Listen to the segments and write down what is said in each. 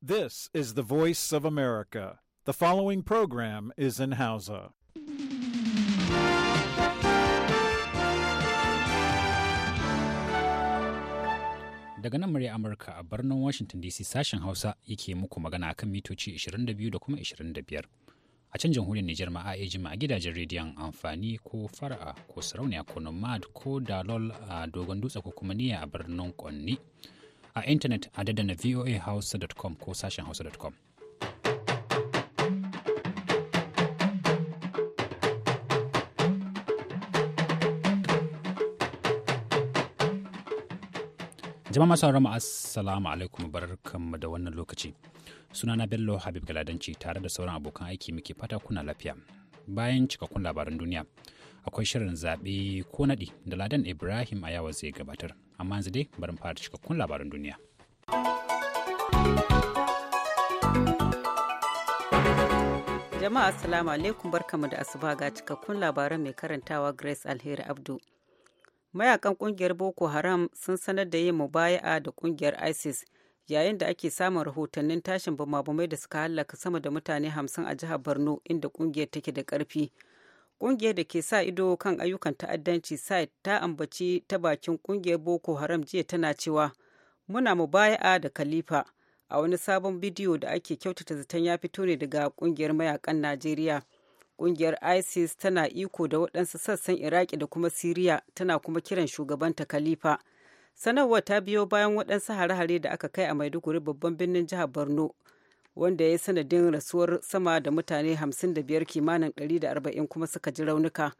This is the voice of America. The following program is in Hausa. Daga nan murya Amurka a birnin Washington DC sashen Hausa yake muku magana akan mitoci 22 da kuma 25. A can jamhuriyar Nijar ma a jima a gidajen rediyon amfani ko fara'a ko sarauniya ko nomad ko dalol a dogon dutse ko kuma niyya a birnin Kwanni. a intanet a dadana voahausa.com ko sashen hausa.com. jama'a masu rama assalamu alaikum kama da wannan lokaci sunana bello habib galadanci tare da sauran abokan aiki muke fata kuna lafiya bayan cikakkun labaran duniya akwai shirin zaɓe ko naɗi da ladan ibrahim a yawon zai gabatar amma yanzu dai bari fara cikakkun labaran duniya jama'a assalamu alaikum barkamu da asuba ga cikakkun labaran mai karantawa grace alheri abdu mayakan kungiyar boko haram sun sanar da yin mubaya'a da kungiyar isis yayin da ake samun rahotannin tashin bumabumai da suka hallaka sama da mutane hamsin a jihar borno inda kungiyar take da karfi Ƙungiyar da ke sa ido kan ayyukan ta'addanci SITE ta ambaci ta bakin ƙungiyar Boko Haram jiya tana cewa muna mu mubaya'a da Khalifa a wani sabon bidiyo da ake kyautata zaton ya fito ne daga ƙungiyar mayakan Najeriya. Ƙungiyar ISIS tana iko da waɗansu sassan Iraki da kuma Siriya tana kuma kiran shugabanta Khalifa. Sanarwar ta biyo bayan waɗansu hare-hare da aka kai a Maiduguri babban birnin jihar Borno. wanda ya yi sanadin rasuwar sama da mutane 55 kimanin 140 kuma suka ji raunuka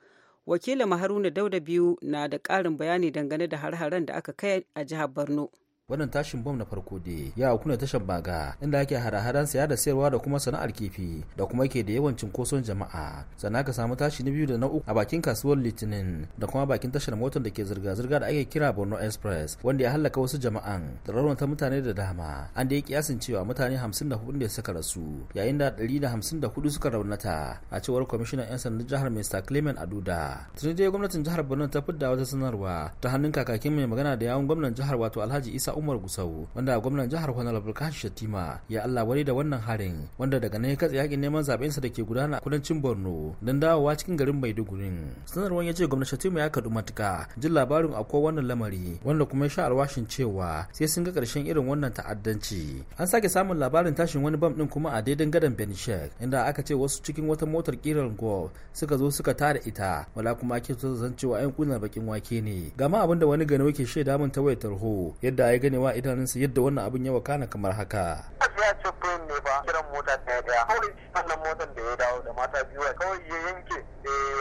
wakilin haruna dauda biyu na da ƙarin bayani dangane da har-haren da aka kai a jihar borno wannan tashin bom na farko da ya kuna tashar baga inda ake hada-hadan siya da sayarwa da kuma sana'ar kifi da kuma ke da yawan cinkoson jama'a sannan ka samu tashi na biyu da na uku a bakin kasuwar litinin da kuma bakin tashar motar da ke zirga-zirga da ake kira borno express wanda ya halaka wasu jama'an da ta mutane da dama an da ya kiyasin cewa mutane 54 da suka rasu yayin da 154 suka raunata a cewar kwamishinan 'yan sandan jihar mr clement aduda tuni gwamnatin jihar borno ta fidda wata sanarwa ta hannun kakakin mai magana da yawun gwamnan jihar wato alhaji isa umar gusau wanda gwamnan jihar kwanar abdulkashi shatima ya allah wari da wannan harin wanda daga nan ya katse yakin neman sa da ke gudana a kudancin borno don dawowa cikin garin maiduguri sanarwar ya ce gwamnati shatima ya kaɗu matuka jin labarin akwai wannan lamari wanda kuma ya sha alwashin cewa sai sun ga ƙarshen irin wannan ta'addanci an sake samun labarin tashin wani bam din kuma a daidan gadon benishek inda aka ce wasu cikin wata motar kiran golf suka zo suka tara ita wala kuma ake so zan cewa 'yan kunar bakin wake ne gama abinda wani gano ke shaida mun ta wayar tarho yadda ya ganewa idanunsa yadda wannan abin ya wakana kamar haka ya ce ne ba kiran mota ta daya kawai wannan motar da ya dawo da mata biyu kawai ya yanke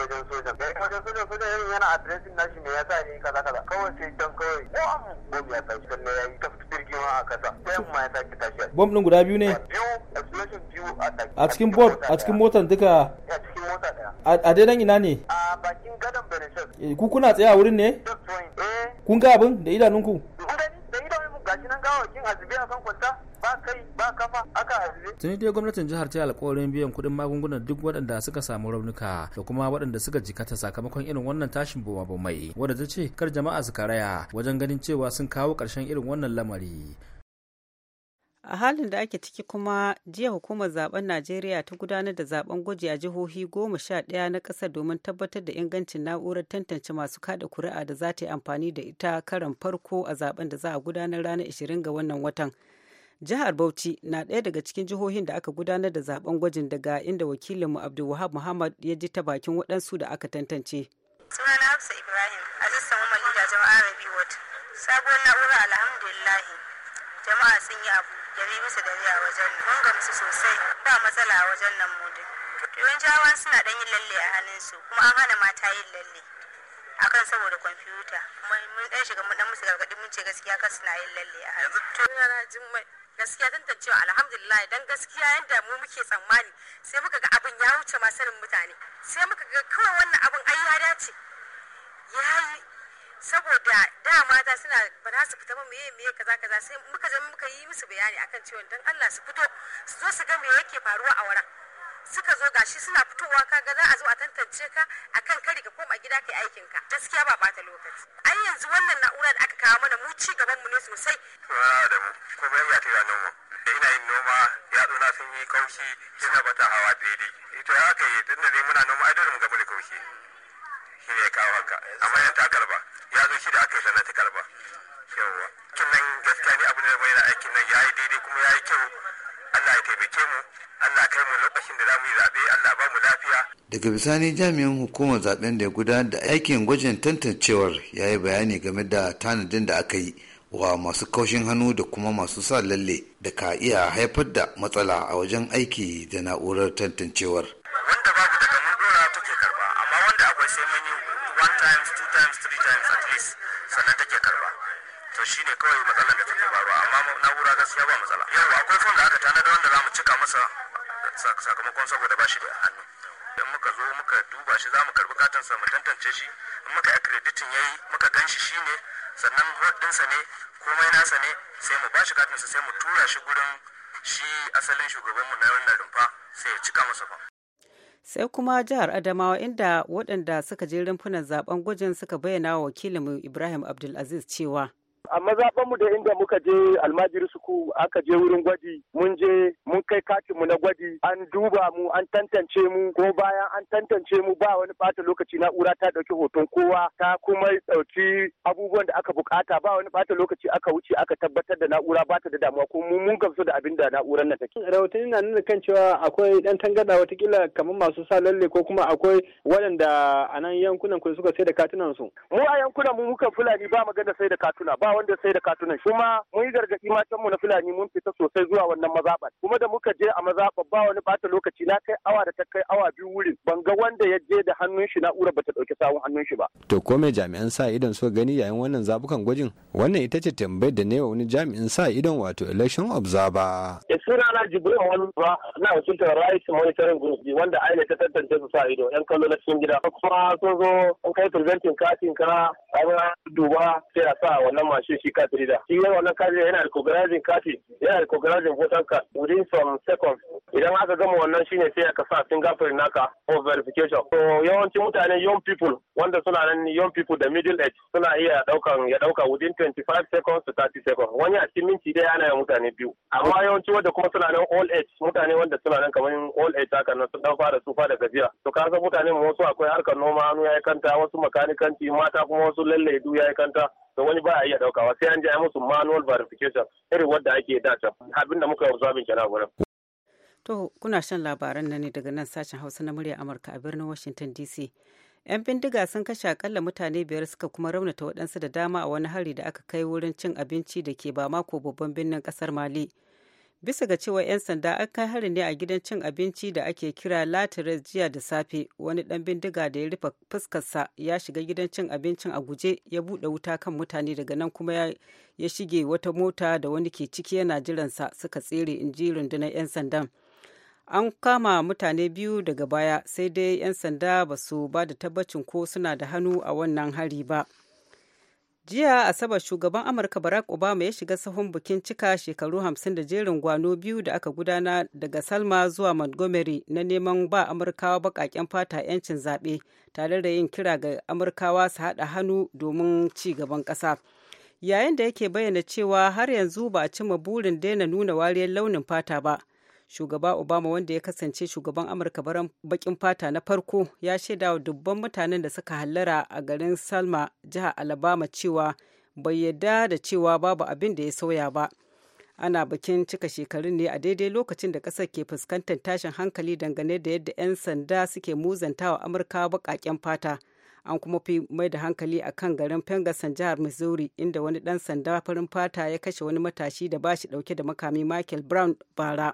wajen sojan wajen sojan sojan yin yana adireshin nashi me yasa ne kaza kaza kawai sai can kawai amu bom ya tashi sannan ya yi ta jirgima a kasa ta yamma ya tashi tashi bom din guda biyu ne biyu explosion biyu a cikin bot a cikin motar duka a cikin mota daya a daidan ina ne a bakin gadon benishas eh, ku kuna tsaye a wurin ne eh. kun ga abin da idanunku kun gani yi da mu gashi nan gawakin azube a kan kwanta ba kai ba kafa aka azube. Tuni dai gwamnatin jihar ta alƙawarin biyan kuɗin magungunan duk waɗanda suka samu raunuka da kuma waɗanda suka jikata sakamakon irin wannan tashin boma-bomai wadda ta ce kar jama'a su karaya wajen ganin cewa sun kawo ƙarshen irin wannan lamari. a halin da ake ciki kuma jiya hukumar zaben najeriya ta gudanar da zaben gwaji a jihohi goma sha ɗaya na ƙasar domin tabbatar da ingancin na'urar tantance masu kada kuri'a da za ta yi amfani da ita karan farko a zaben da za a gudanar ranar 20 ga wannan watan jihar bauchi na ɗaya daga cikin jihohin da aka gudanar da zaben gwajin daga inda wakilinmu abdulwahab muhammad ya ji ta bakin waɗansu da aka tantance sunana hafsa ibrahim a sassan mamman jama'ar rabi sabuwar na'ura alhamdulillahi jama'a sun yi abu dari musu dare a wajen nan mun gamsu sosai ba matsala a wajen nan mu duk yawancawan suna dan yin lalle a hannunsu kuma an hana mata yin lalle akan saboda kwamfuta mun dan shiga mun dan musu gargadi mun ce gaskiya kan suna yin lalle a hannu to yana jin mai gaskiya tantance alhamdulillah dan gaskiya yadda mu muke tsammani sai muka ga abin ya wuce ma sanin mutane sai muka ga kawai wannan abin ai ya dace saboda da mata suna ba za su fita ba meye meye kaza kaza sai muka zama muka yi musu bayani akan cewa dan Allah su fito su zo su ga me yake faruwa a wurin suka zo gashi suna fitowa ga za a zo a tantance ka akan kari ka koma gida kai aikin ka gaskiya ba bata lokaci ai yanzu wannan na'ura da aka kawo mana mu ci gaban mu ne sosai to da mu komai ya ta noma ina yin noma ya na sun yi kaushi yana bata hawa daidai eh, to ya yi tunda dai muna noma ai dole mu ga kaushi shi ne kawo haka amma yan ta ya zo shi da aka sannan na karba yawa kin gaskiya ne abin da zama yana aikin nan ya yi daidai kuma ya yi kyau Allah ya taimake mu Allah kai mu lokacin da za mu yi zaɓe Allah ba mu lafiya. Daga bisani jami'in hukumar zaben da ya gudanar da aikin gwajin tantancewar ya yi bayani game da tanadin da aka yi wa masu kaushin hannu da kuma masu sa lalle da ka iya haifar da matsala a wajen aiki da na'urar tantancewar times two times three times at least sannan take karba to shine kawai matsalar da take faruwa amma na'ura gaskiya ba matsala yau akwai fon da aka tanada wanda za mu cika masa sakamakon saboda ba shi da hannu idan muka zo muka duba shi za mu karbi sa mu tantance shi in muka accrediting yayi muka gan shi shine sannan sa ne komai nasa ne sai mu ba shi katinsa sai mu tura shi gurin shi asalin shugabanmu na wannan rumfa sai ya cika masa fa. sai kuma jihar adamawa inda waɗanda suka je rumfunan zaben gwajin suka bayyana wa wakilinmu ibrahim abdulaziz cewa a mu da inda muka je almajiri suku aka je wurin gwaji mun je mun kai mu na gwaji an duba mu an tantance mu ko bayan an tantance mu ba wani ɓata lokaci na'ura ta dauki hoton kowa ta kuma ɗauki abubuwan da aka bukata ba wani ɓata lokaci aka wuce aka tabbatar da na'ura ba ta da damuwa ko mu mun gamsu da abin da na'urar nan take. Rahotanni na nuna kan cewa akwai ɗan tangada watakila kamar masu sa lalle ko kuma akwai waɗanda a nan yankunan ku suka sai da katunan su. Mu a yankunan mu muka Fulani ba magana sai da katuna ba wanda sai da katunan kuma mun yi gargaɗi matan mu na Fulani mun fita sosai zuwa wannan mazaɓar kuma da muka je a mazaɓar ba wani bata lokaci na kai awa da ta kai awa biyu wurin ban ga wanda ya je da hannun shi na'urar bata ɗauki sawun hannun shi ba. To ko mai jami'an sa idon so gani yayin wannan zabukan gwajin wannan ita ce tambayar da ne wani jami'in sa idon wato election observer. E eh, suna na Jibril Walba na wakiltar Rights Monitoring Group wanda aina ta tantance su sa ido yan kallo na cikin gida kuma sun zo an kai presenting kafin ka a duba sai a sa wannan mashin shi shi card reader shi ne wannan kaji yana alkogarajin kati yana alkogarajin hoton ka within some seconds idan aka gama wannan shine sai aka sa fingerprint naka for verification so yawancin mutane young people wanda suna nan young people da middle age suna iya daukan ya dauka within 25 seconds to 30 seconds wani a cikin minti dai ana yin mutane biyu amma yawanci wanda kuma suna nan old age mutane wanda suna nan kamar old age haka nan sun dan fara tsufa da gajiya to ka san mutane wasu akwai harkar noma hannu ya kanta wasu makanikanci mata kuma wasu lallai du ya kanta da wani ba a iya daukawa sai an ji musu manual verification irin wadda ake da can abinda muka yi zaɓin kenan gurin. To kuna shan labaran nan ne daga nan sashen Hausa na murya Amurka a birnin Washington DC. 'Yan bindiga sun kashe akalla mutane biyar suka kuma raunata waɗansu da dama a wani hari da aka kai wurin cin abinci da ke ba mako babban birnin ƙasar Mali. bisa ga cewa 'yan sanda an kai harin ne a gidan cin abinci da ake kira latires jiya da safe wani dan bindiga da ya rufe fuskarsa ya shiga gidan cin abincin a guje ya buɗe wuta kan mutane daga nan kuma ya shige wata mota da wani ke ciki yana jiransa suka tsere in ji rundunar 'yan sandan an kama mutane biyu daga baya sai dai 'yan sanda ba su ba da tabbacin ko suna da hannu a wannan hari ba. jiya asabar shugaban amurka barack obama ya shiga sahun bikin cika shekaru hamsin da jerin gwano biyu da aka gudana daga salma zuwa montgomery na neman ba amurkawa baƙaƙen fata 'yancin zaɓe tare da yin kira ga amurkawa su haɗa hannu domin ci gaban ƙasa yayin da yake bayyana cewa har yanzu ba a cima burin daina nuna wariyar launin fata ba shugaba obama wanda ya kasance shugaban amurka baran bakin fata na farko ya shaida wa dubban mutanen da suka hallara a garin salma jihar alabama cewa bai yadda da cewa babu abin da ya sauya ba ana bikin cika shekarun ne a daidai lokacin da kasar ke fuskantar tashin hankali dangane da yadda 'yan sanda suke muzanta wa amurka baƙaƙen fata an kuma fi mai da hankali a kan garin Ferguson jihar Missouri inda wani dan sanda farin fata ya kashe wani matashi da bashi dauke da makami Michael Brown bara.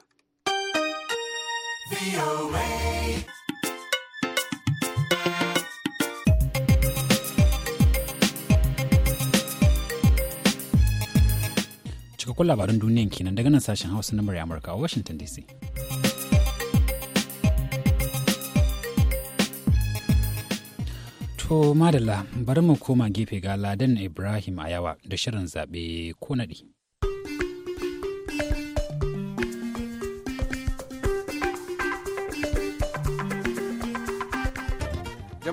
cikakkun labaran duniyan kenan daga nan sashen hausa na murya amurka a washington dc to madalla bari mu koma gefe ga ladan ibrahim ayawa da shirin zaɓe ko naɗi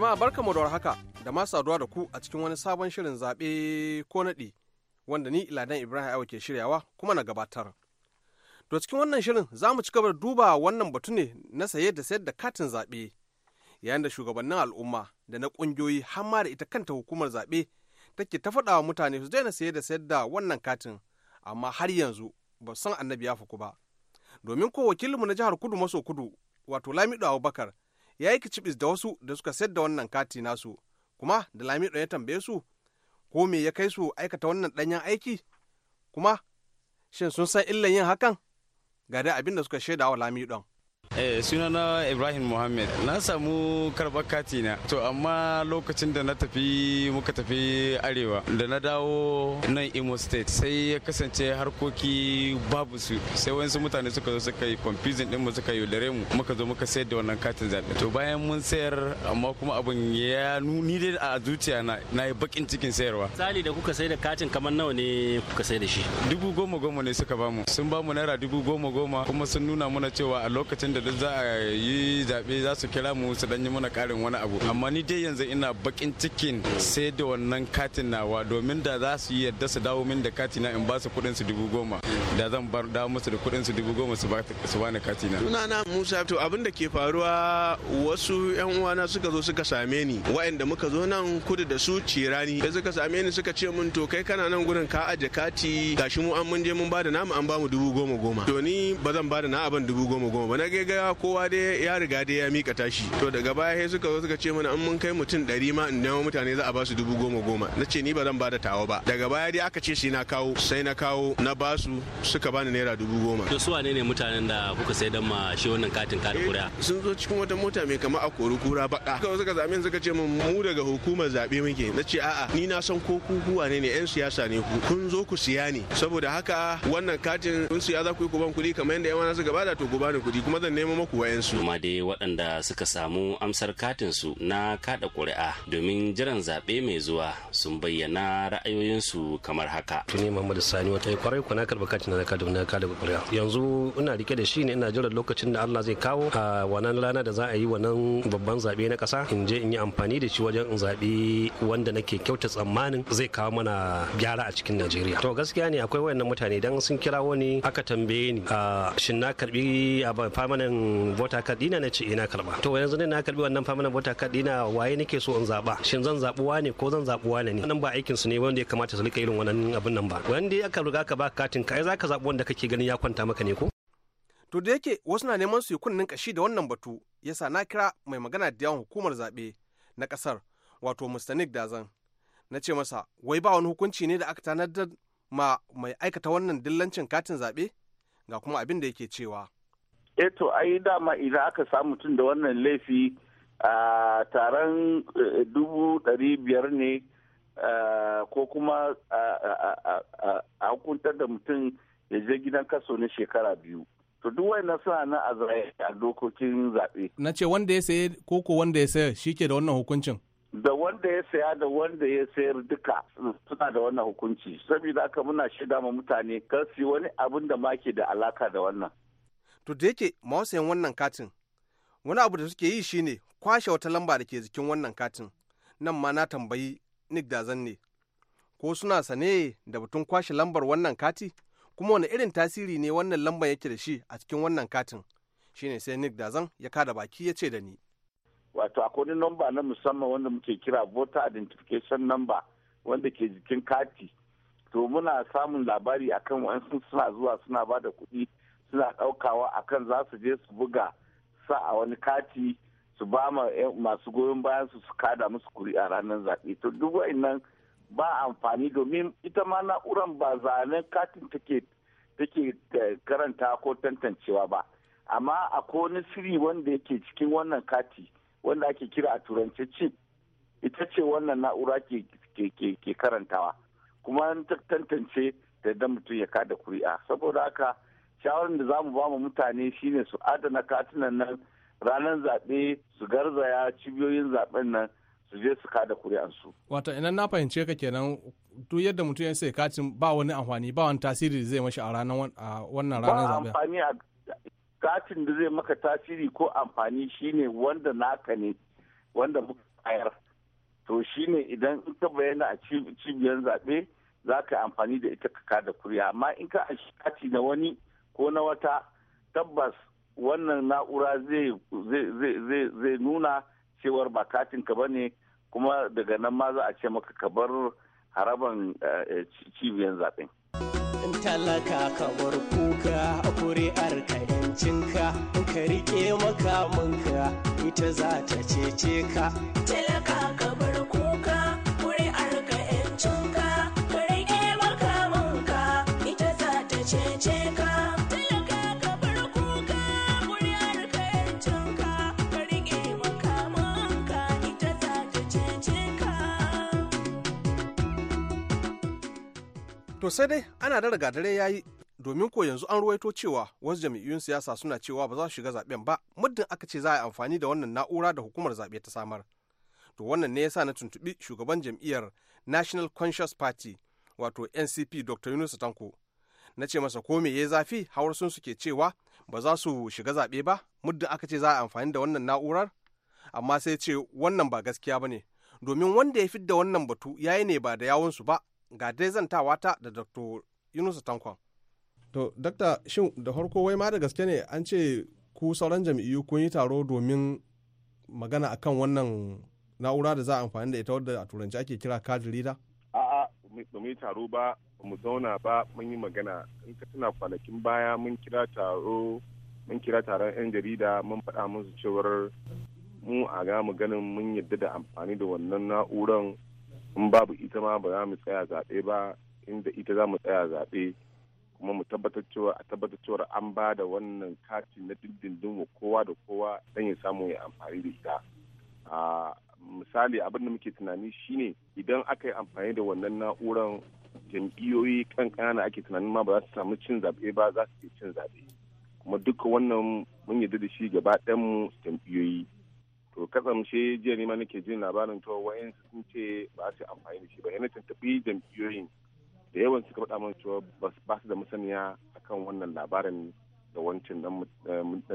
Jama'a barkamu da haka da masu saduwa da ku a cikin wani sabon shirin zaɓe ko naɗi wanda ni Iladan Ibrahim Awa ke shiryawa kuma na gabatar. To cikin wannan shirin za mu ci gaba da duba wannan batu ne na saye da sayar da katin zaɓe yayin da shugabannin al'umma da na ƙungiyoyi har ma da ita kanta hukumar zaɓe take ta faɗa wa mutane su daina saye da sayar da wannan katin amma har yanzu ba san annabi ya fuku ba. Domin ko wakilinmu na jihar Kudu maso Kudu wato Lamido Abubakar ya yi kicibis da wasu da suka sayar da wannan kati nasu kuma da lamido ya tambaye su ko me ya kai su aikata wannan ɗanyen aiki kuma shin sun san illan yin hakan ga dai abin da suka shaida wa lamiɗon. Eh sunana Ibrahim Muhammad. Na samu karɓar kati na. To amma lokacin da na tafi muka tafi arewa da na dawo nan Imo State sai ya kasance harkoki babu su. Sai wani mutane suka zo suka yi confusing din mu suka dare mu muka zo muka sayar da wannan katin zaɓe. To bayan mun sayar amma kuma abin ya ni dai a zuciya na na yi bakin cikin sayarwa. Misali da kuka sai da katin kamar nawa ne kuka sai da shi? Dubu goma goma ne suka bamu. Sun bamu naira dubu goma goma kuma sun nuna mana cewa a lokacin da za a yi zaɓe za su kira mu su danyi mana ƙarin wani abu amma ni dai yanzu ina bakin cikin sai da wannan katin nawa domin da za su yi yadda su dawo min da katina in ba su kuɗin su dubu goma da zan bar dawo musu da kuɗin su dubu goma su bani katina. sunana musa to abin da ke faruwa wasu yan uwana suka zo suka same ni wa'anda muka zo nan kudu da su cirani da suka same ni suka ce min to kai kana nan gurin ka aje kati gashi mu an mun je mun ba da namu an ba mu dubu goma goma to ni ba zan ba da na abin dubu goma goma ba na ga gaya kowa dai ya riga dai ya mika tashi to daga baya sai suka zo suka ce mana an mun kai mutum ɗari ma in dawo mutane za a ba su dubu goma goma na ce ni ba zan ba da tawa ba daga baya dai aka ce sai na kawo sai na kawo na ba su suka bani naira dubu goma to su wane ne mutanen da kuka sai dan ma shi wannan katin kada kuri'a eh, sun zo cikin wata mota mai kama a kori kura baka suka suka zame suka ce min mu daga hukumar zabe muke na ce a'a ni na san ko ku kuwa ne ne yan siyasa ne ku kun zo ku siya ne saboda haka wannan katin kun siya za ku yi ku ban kuɗi kamar yadda yan wana suka bada to ku bani kuɗi kuma zan nemo maku wayansu. Kuma dai waɗanda suka samu amsar katinsu na kaɗa ƙuri'a domin jiran zaɓe mai zuwa sun bayyana ra'ayoyinsu kamar haka. Tuni Muhammadu Sani wata kwarai kuna karɓa katin na kaɗa na kaɗa ƙuri'a. Yanzu ina rike da shi ne ina jiran lokacin da Allah zai kawo a wannan rana da za a yi wannan babban zaɓe na kasa in je in yi amfani da shi wajen in zaɓi wanda nake kyauta tsammanin zai kawo mana gyara a cikin Najeriya. To gaskiya ne akwai wayannan mutane dan sun kira wani aka tambaye ni shin na karbi a ba famanin. irin vota card dina eh, na ce ina karba to yanzu ne na karbi wannan permanent vota card dina waye nake so in zaba shin zan zabi ne ko zan zabi wane ne nan ba aikin su ne wanda ya kamata su rika irin wannan abin nan ba wanda aka riga ka ba katin ka ai zaka zabi wanda kake ganin ya kwanta maka ne ko to da yake wasu na neman su yi kunnin kashi da wannan batu yasa na kira mai magana da yawan hukumar zaɓe na kasar wato mustanik dazan na ce masa wai ba wani hukunci ne da aka tanadar ma mai aikata wannan dillancin katin zaɓe ga kuma abin da yake cewa eto eh ai dama idan aka samu mutum da wannan laifi a taron eh, dubu ɗari biyar ne ko kuma a hukuntar da mutum ya je gidan kaso na shekara biyu to duk wannan suna nan a a dokokin zaɓe. na ce wanda ya saye koko wanda ya sayar shi ke da wannan hukuncin da wanda ya saya da wanda ya sayar duka suna da wannan hukunci saboda aka muna shaida ma mutane kar su wani abin da ma ke da alaka da wannan to da yake mawasayin wannan katin wani abu da suke yi shine kwashe wata lamba da ke jikin wannan katin nan ma na tambayi nick dazan ne ko suna sane da batun kwashe lambar wannan kati kuma wani irin tasiri ne wannan lambar yake da shi a cikin wannan katin shine sai nick dazan ya kada baki ya ce da ni wato akwai wani lamba na musamman wanda muke kira voter identification number wanda ke jikin kati to muna samun labari akan wa'ansu suna zuwa suna ba da kuɗi suna ɗaukawa a kan za su je su buga sa a wani kati su ba masu goyon bayan su su kada musu kuri'a ranar zaɓe to duk nan ba amfani domin ita ma na'uran ba zanen katin take take eh, karanta ko tantancewa ba amma akwai wani siri wanda yake cikin wannan kati wanda ake kira a turance chip ita ce wannan na'ura ke ke karantawa kuma tantance da mutum ya kada kuri'a saboda haka shawarar da za mu ba mu mutane shine su adana katunan nan ranar zaɓe su garzaya cibiyoyin zaɓen nan su je su kada kuri'ansu. Wata idan na fahimce ka kenan duk yadda mutum ya sai katin ba wani amfani ba wani tasiri da zai mashi a ranar wannan ranar zaɓe. Ba amfani a katin da zai maka tasiri ko amfani shine wanda naka ne wanda muka bayar. To shine idan in ka bayyana a cibiyar zaɓe za ka amfani da ita ka kada kuri'a amma in ka a kati na wani ko na wata tabbas wannan na'ura zai nuna cewar ba katinka ba ne kuma daga nan ma za a ce maka ka bar haraban eh, eh, cibiyar zaɓen. In talaka ka bar kuka a kuri'ar ka yancinka in ka riƙe makamanka ita za ta cece ka. Talaka To sai dai ana da riga dare yayi domin ko yanzu an ruwaito cewa wasu jami'un siyasa suna cewa ba za su shiga zaben ba muddin aka ce za a yi amfani da wannan na'ura da hukumar zaɓe ta samar. To wannan ne yasa na tuntuɓi shugaban jam'iyyar National Conscious Party wato NCP Dr. Yunus Tanko. Na ce masa ko me ya zafi hawar sun suke cewa ba za su shiga zaɓe ba muddin aka ce za a yi amfani da wannan na'urar amma sai ce wannan ba gaskiya ba ne domin wanda ya fidda wannan batu ya yi ne ba da yawunsu ba ga dai zantawa ta da dr yunusu tankwan. to dakta shin da farko wai ma da gaske ne an ce ku sauran jam'iyyu kun yi taro domin magana akan wannan na'ura da za a amfani da ita wadda a turanci ake kira kadiri da a'a ba mu yi taro ba mu zauna ba mun yi magana in ka tuna kwanakin baya mun kira taro mun kira taron 'yan jarida mun faɗa musu cewar mu a ga mu ganin mun yadda da amfani da wannan na'uran in babu ita ma ba za mu tsaya zaɓe ba inda ita za mu tsaya zaɓe kuma mu tabbatar cewa a tabbatar cewa an ba da wannan kati na dindindin wa kowa da kowa don ya samu ya amfani da ita a misali abin da muke tunani shine idan aka yi amfani da wannan na'uran jam'iyyoyi kan kanana ake tunanin ma ba za su samu cin zaɓe ba za su cin zaɓe kuma duka wannan mun yarda da shi gaba ɗayan mu jam'iyyoyi to kasance jiya ne ma nake jin labarin cewa wayan sun ce ba su amfani da shi ba yana tafi jam'iyyoyin da yawan suka faɗa mana cewa ba su da masaniya akan wannan labarin da wancan dan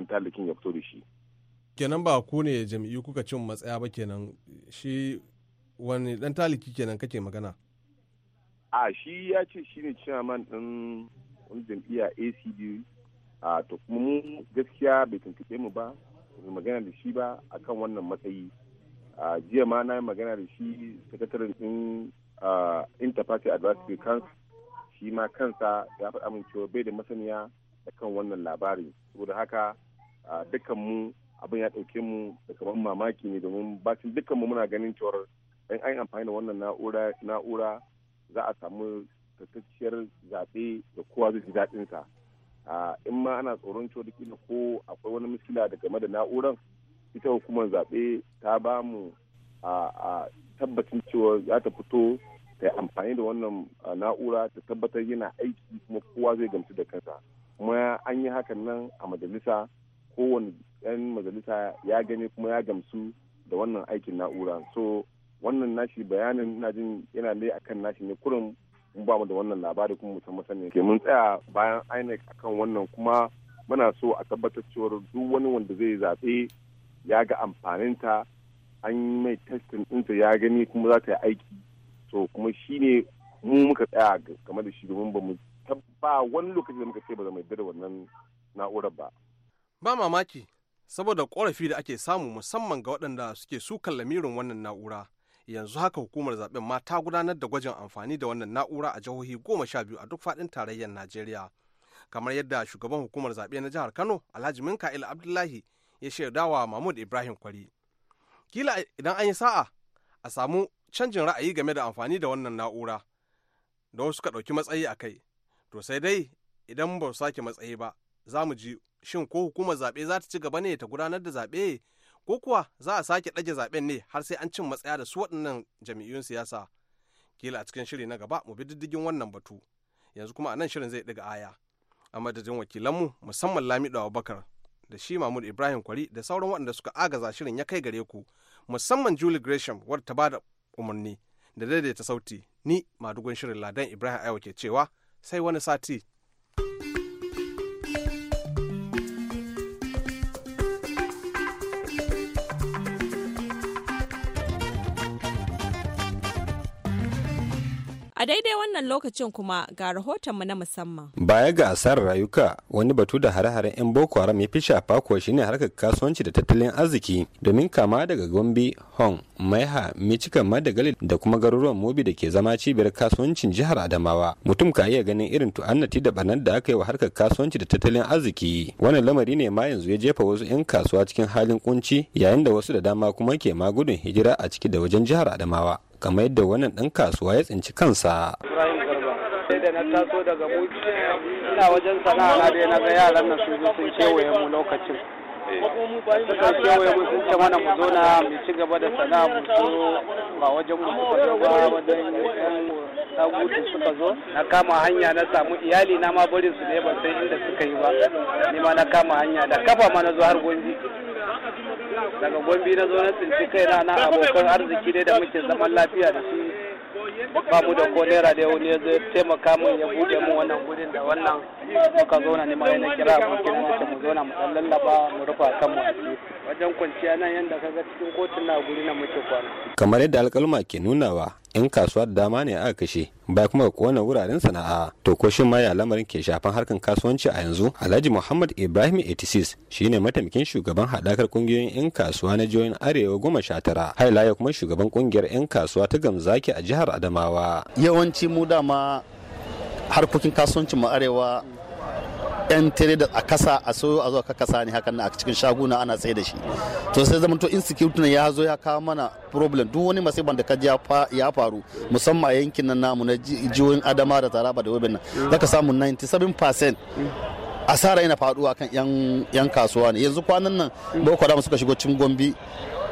eh, talikin ya fito da shi kenan ba ku ne jam'iyyu kuka cin matsaya ba kenan shi wani dan taliki kenan kake magana a shi ya ce shi ne chairman din jam'iyya acd a to kuma gaskiya bai tuntube mu ba magana da shi ba a kan wannan matsayi a jiya ma na magana da shi sakataren din interparty advisory council shi ma kansa ya faɗa min cewa bai da masaniya da kan wannan labarin saboda haka dukkan mu abin ya ɗauke mu da kamar mamaki ne domin bacin dukkan mu muna ganin cewar in an yi amfani da wannan na'ura za a samu tattacciyar zaɓe da kowa zai ji daɗinsa in ma ana tsoron cewa kila ko akwai wani miskila da game da na'uran ita hukumar zaɓe ta ba mu a tabbacin cewa za ta fito ta amfani da wannan na'ura ta tabbatar yana aiki kuma kowa zai gamsu da kansa kuma an yi hakan nan a majalisa kowane 'yan majalisa ya gani kuma ya gamsu da wannan aikin na'ura so wannan nashi bayanin na jin yana ne akan nashi ne kurin mun ba mu da wannan labari kuma mu san masani ke mun tsaya bayan INEC akan wannan kuma muna so a tabbatar cewar duk wani wanda zai zaɓe ya ga amfaninta an yi mai testin ɗinta ya gani kuma za ta yi aiki to kuma shine mu muka tsaya game da shi domin ba mu ba wani lokaci da muka ce ba za mu yarda da wannan na'urar ba. Ba mamaki saboda korafi da ake samu musamman ga waɗanda suke sukan lamirin wannan na'ura. yanzu haka hukumar zaben ma ta gudanar da gwajin amfani da wannan na'ura a jihohi goma sha biyu a duk faɗin tarayyar najeriya kamar yadda shugaban hukumar zaɓe na jihar kano alhaji minka'il abdullahi ya wa mahmud ibrahim kwari kila idan an yi sa'a a samu canjin ra'ayi game da amfani da wannan na'ura da wasu ka ɗauki matsayi a kai to sai dai idan ba su sake matsayi ba za mu ji shin ko hukumar zaɓe za ta ci gaba ne ta gudanar da zaɓe ko kuwa za a sake ɗage zaɓen ne har sai an cin matsaya da su waɗannan jami'un siyasa kila a cikin shiri na gaba mu bi diddigin wannan batu yanzu kuma a nan shirin zai ɗiga aya a madadin wakilanmu musamman lamido abubakar da shi mahmud ibrahim kwari da sauran waɗanda suka agaza shirin ya kai gare ku musamman julie gresham wadda ta bada umarni da daidaita sauti ni madugun shirin ladan ibrahim aiwa ke cewa sai wani sati A daidai wannan lokacin kuma ga rahotonmu na musamman. Baya ga asarar rayuka wani batu da hare-haren 'yan Boko Haram ya fi shafa kuwa shine harkar kasuwanci da tattalin arziki domin kama daga Gombe, Hong, Maiha, Michigan, Madagali da kuma garuruwan Mobi da ke zama cibiyar kasuwancin jihar Adamawa. Mutum ka iya ganin irin tu'annati da banan da aka yi wa harkar kasuwanci da tattalin arziki. Wannan lamari ne ma yanzu ya jefa wasu 'yan kasuwa cikin halin kunci yayin da wasu da dama kuma ke ma gudun hijira a ciki da wajen jihar Adamawa. kamar yadda wannan ɗan kasuwa ya tsinci kansa. sai da na taso daga buki ina wajen sana'a da na ga yaran nan sun sun kewaye mu lokacin suka kewaye mu sun ce mana mu zo na mu ci gaba da sana'a mu so ba wajen mu suka zo ba wajen yan suka zo na kama hanya na samu iyali na ma barin su ne ban san inda suka yi ba ni ma na kama hanya da kafa mana zuwa har gonji daga gombe na zo na tsinci kai na na abokan arziki ne da muke zaman lafiya da su ba mu da ko naira da yau ne zai taimaka min ya buɗe mu wannan gudun da wannan muka zauna ne ma yana kira abokin mu zauna mu dan lallaba mu rufa kan mu wajen kwanciya nan yanda kaga cikin kotun na guri na muke kwana kamar yadda alƙaluma ke nunawa In kasuwa da dama ne aka kashe baya kuma ga kona wuraren sana'a to ko shin ma ya lamarin ke shafan harkan kasuwanci a yanzu alhaji muhammad ibrahim 86 shine mataimakin shugaban hadakar kungiyoyin 'yan kasuwa na jihohin arewa goma sha tara hailaya kuma shugaban kungiyar 'yan kasuwa ta gamzaki a jihar adamawa yawanci mu dama harkokin kasuwancin mu arewa yan da a kasa a so a zo ka kasa ne hakan a cikin shaguna ana sai da shi to sai zama to insecurity ya zo ya kawo mana problem duk wani masiban da ka ji ya faru musamman a yankin nan namu na jihohin adama da taraba da webin nan zaka samu 97% asara yana faduwa kan yan kasuwa ne yanzu kwanan nan boko haram suka shigo cikin gombi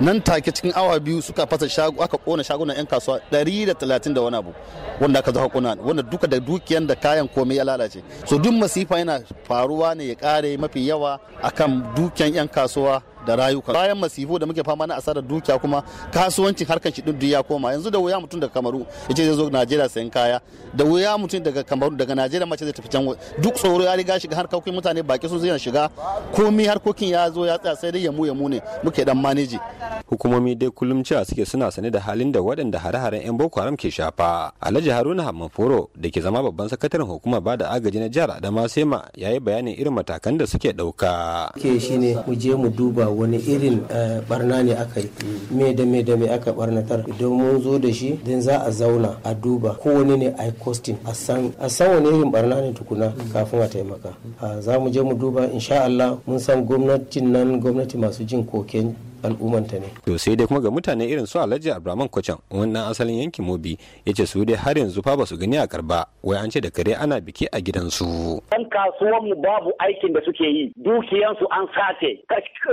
nan take cikin awa biyu suka fasa shago aka kona shagunan yan kasuwa 130 da wani abu wanda aka zaka kona wanda duka da dukiyan da kayan komai ya lalace so duk masifa yana faruwa ne ya kare mafi yawa akan dukiyan yan kasuwa da rayuka bayan masifu da muke fama na asarar dukiya kuma kasuwancin harkar shi duk ya koma yanzu da wuya mutum daga kamaru yace zai zo najeriya sayan kaya da wuya mutum daga kamaru daga najeriya mace zai tafi can duk tsoro ya riga shiga harkokin mutane baki sun zai shiga komai harkokin ya zo ya tsaya sai dai yamu yamu ne muke dan maneji hukumomi dai kullum cewa suke suna sane da halin da waɗanda hare-haren 'yan boko haram ke shafa alhaji haruna hamaforo da ke zama babban sakataren hukumar ba da agaji na jihar adama sema ya yi bayanin irin matakan da suke ɗauka. ke shine mu je mu duba wani irin eh, barna ne aka yi me da me da me aka barnatar idan mun zo da shi dan za a zauna a duba ko wani ne ai costing a san a san wani irin barna ne tukuna kafin a taimaka ah, za mu je mu duba insha Allah mun san gwamnatin nan gwamnati masu jin koken al'ummanta ne. To sai dai kuma ga mutane irin su Alhaji Abraman Kwacan wannan asalin yankin Mobi yace su dai har yanzu fa ba su gani a karba wai an ce da kare ana biki a gidansu. Yan kasuwan mu babu aikin da suke yi dukiyansu an sace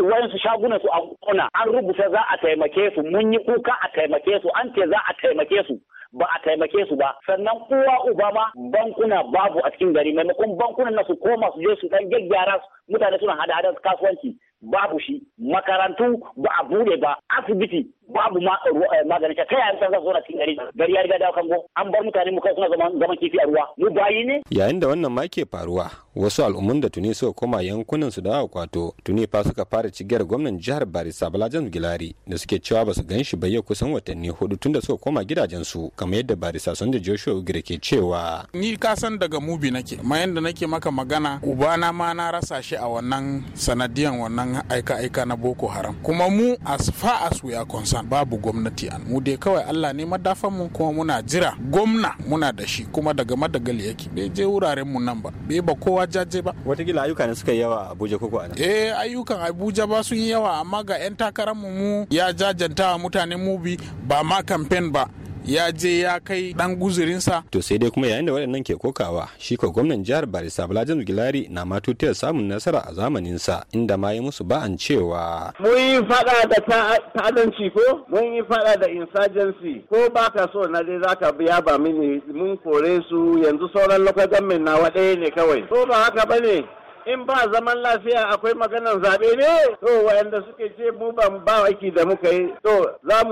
wayansu shagunan su an kona an rubuta za a taimake su mun yi kuka a taimake su an ce za a taimake su ba a taimake su ba sannan kowa uba ma bankuna babu a cikin gari maimakon bankunan na su koma su je su dan gyaggyara mutane suna hada-hadar kasuwanci babu shi makarantu ba a bude ba asibiti babu ma eh, eh, magani ta an san zo na cikin gari gari ya riga da kango an bar mutane mu kai suna zaman zaman kifi a ruwa mu bayi ne yayin da wannan ma ke faruwa wasu al'ummun da tuni suka koma yankunan su da akwato tuni fa suka fara cigiyar gwamnan jihar Barisa Balajan Gilari da suke cewa basu su gan shi kusan watanni hudu tunda suka koma gidajen su. kamar yadda Barisa da Joshua Ugire ke cewa ni ka san daga mubi nake ma yanda nake maka magana ubana ma na rasa shi a wannan sanadiyan wannan aika-aika na Boko Haram kuma mu as far as we are Ramadan babu gwamnati an mu dai kawai Allah ne madafan mu kuma muna jira gwamna muna da shi kuma daga madagali yake bai je wuraren mu nan ba bai ba kowa jaje ba watakila ayyuka ne suka yawa Abuja ko a eh ayyukan Abuja ba sun yawa amma ga yan takarar mu mu ya jajanta mutane mu bi ba ma kamfen ba ya je ya kai dan guzurinsa. To sai dai kuma yayin da waɗannan ke kokawa shi ko gwamnan jihar Barisa Bulajan Gilari na ma tutiyar samun nasara a zamaninsa inda ma yi musu ba'an cewa. Mun yi faɗa da ta'adanci ko mun yi faɗa da insurgency ko ba ka so na dai zaka biya ba mini mun kore su yanzu sauran lokacin min na waɗaya ne kawai. Ko ba haka bane in ba zaman lafiya akwai maganan zaɓe ne to wayanda suke ce mu ba aiki da muka yi to za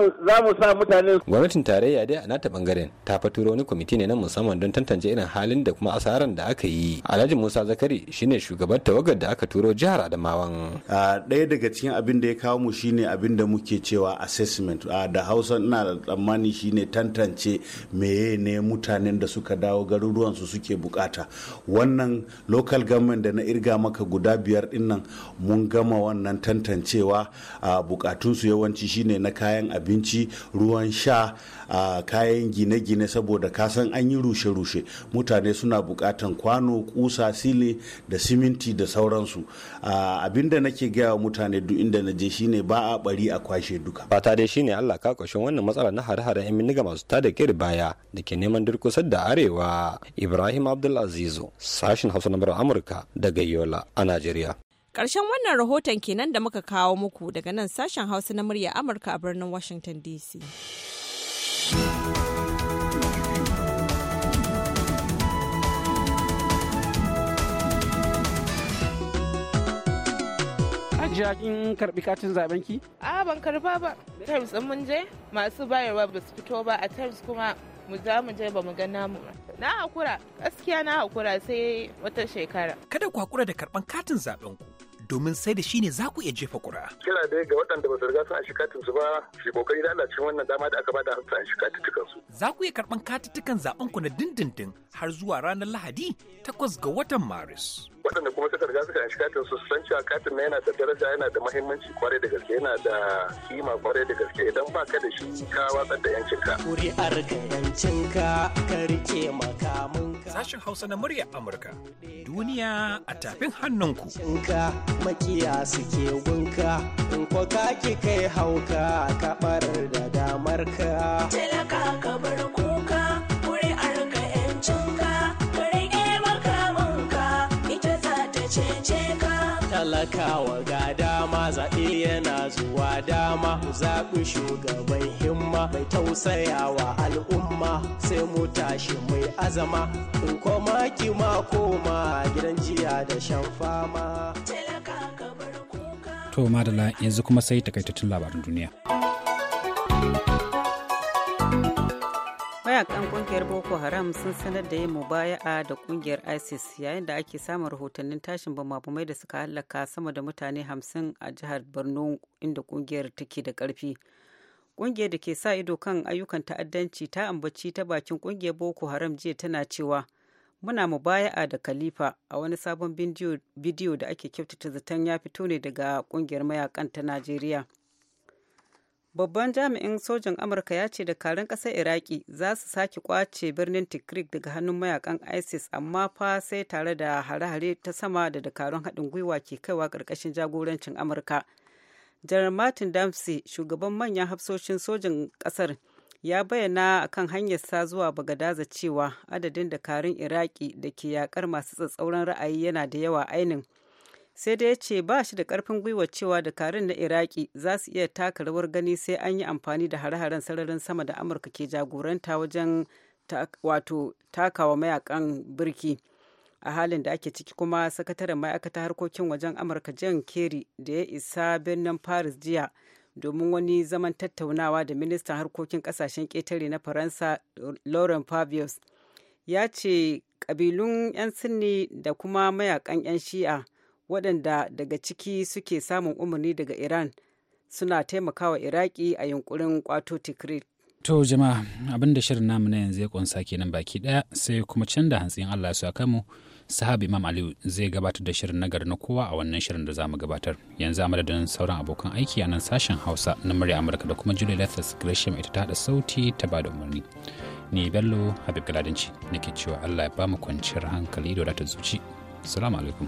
mu sa mutane gwamnatin tarayya dai a nata bangaren ta faturo wani kwamiti ne na musamman don tantance irin halin da kuma asaran da aka yi alhaji musa zakari shine shugaban tawagar da aka turo jihar adamawan ɗaya daga cikin abin da ya kawo mu shine abin da muke cewa assessment da hausa ina da tsammani shine tantance meye ne mutanen da suka dawo garuruwansu suke bukata wannan local government da na irin kirga maka guda biyar dinnan mun gama wannan tantancewa a bukatunsu yawanci shine na kayan abinci ruwan sha a kayan gine-gine saboda kasan an yi rushe-rushe mutane suna bukatan kwano kusa sile da siminti da sauransu Abin da nake gaya wa mutane duk inda na je shine ba a bari a kwashe duka fata dai shine Allah ka kwashin wannan matsala na hare-haren yan miniga masu tada kiri baya da ke neman durkusar da arewa Ibrahim Abdulazizu sashin Hausa na Amurka daga Yola a Najeriya Ƙarshen wannan rahoton kenan da muka kawo muku daga nan sashen Hausa na murya Amurka a birnin Washington DC. jira kin karbi katin zaben ki? A ban karba ba. Terms din mun je masu bayarwa ba su fito ba a terms kuma mu za mu je ba mu ga namu ba. Na hakura, gaskiya na hakura sai wata shekara. Kada ku hakura da karban katin zaben ku. domin sai da shi ne za ku iya jefa kura. Kira dai ga waɗanda ba su riga sun an katin su ba, shi kokari da Allah wannan dama da aka bada su an katuttukan su. Za ku iya karɓan katuttukan zaɓen ku na dindindin har zuwa ranar Lahadi takwas ga watan Maris. waɗanda kuma suka riga suka shiga katin su san cewa katin na yana da daraja yana da mahimmanci kwarai da gaske yana da kima kwarai da gaske idan ba ka da shi ka watsar da yancinka. Kuri'ar ga yancinka ka rike ka. Sashen Hausa na murya Amurka. Duniya a tafin hannunku. Cinka makiya suke gunka in ko ka ki kai hauka ka barar da ka. Talaka ka bar talakawa ga dama zaɓe yana zuwa dama mu zaɓi shugaban himma mai tausayawa al'umma sai mu tashi mai azama in koma ki ma koma gidan jiya da shan fama. To madala yanzu kuma sai takaitattun labarin duniya. mayakan kungiyar boko haram sun sanar da yin mubaya'a da kungiyar isis yayin da ake samun rahotannin tashin bama-bamai da suka halaka sama da mutane hamsin a jihar borno inda kungiyar take da karfi kungiyar da ke sa ido kan ayyukan ta'addanci ta ambaci ta bakin kungiyar boko haram jiya tana cewa muna mubaya'a da khalifa a wani sabon bidiyo da ake kyautata zaton ya fito ne daga kungiyar mayakan ta najeriya babban jami'in Sojan amurka ya ce dakarun ƙasar iraki za su sake kwace birnin Tikrik daga hannun mayakan isis amma fa sai tare da hare-hare ta sama da dakarun haɗin gwiwa ke kaiwa ƙarƙashin jagorancin amurka janar martin damsey shugaban manyan hafsoshin Sojan ƙasar ya bayyana a kan hanyar sa zuwa bagadaza cewa adadin dakarun iraki da ke yakar masu tsatsauran ra'ayi yana da yawa ainin sai da ya ce ba shi da karfin gwiwa cewa dakarun na iraki za su iya taka rawar gani sai an yi amfani da hare-haren sararin sama da amurka ke jagoranta wajen wato takawa mayakan birki a halin da ake ciki kuma sakataren ta harkokin wajen amurka jan kerry da ya isa birnin paris jiya domin wani zaman tattaunawa da ministan harkokin kasashen ƙetare na faransa lauren fabius ya ce ƙabilun 'yan sinni da kuma mayakan 'yan shi'a waɗanda daga ciki suke samun umarni daga iran suna taimakawa iraki a yunkurin ƙwato tikrit to jama'a abin shirin namu na yanzu ya kunsa kenan baki ɗaya sai kuma can da hantsin allah su a sahabi imam aliyu zai gabatar da shirin nagari na kowa a wannan shirin da zamu gabatar yanzu a madadin sauran abokan aiki a nan sashen hausa na murya amurka da kuma julie lethas gresham ita ta haɗa sauti ta ba da umarni ni bello habib galadinci nake cewa allah ya ba kwanciyar hankali da wadatar zuci salamu alaikum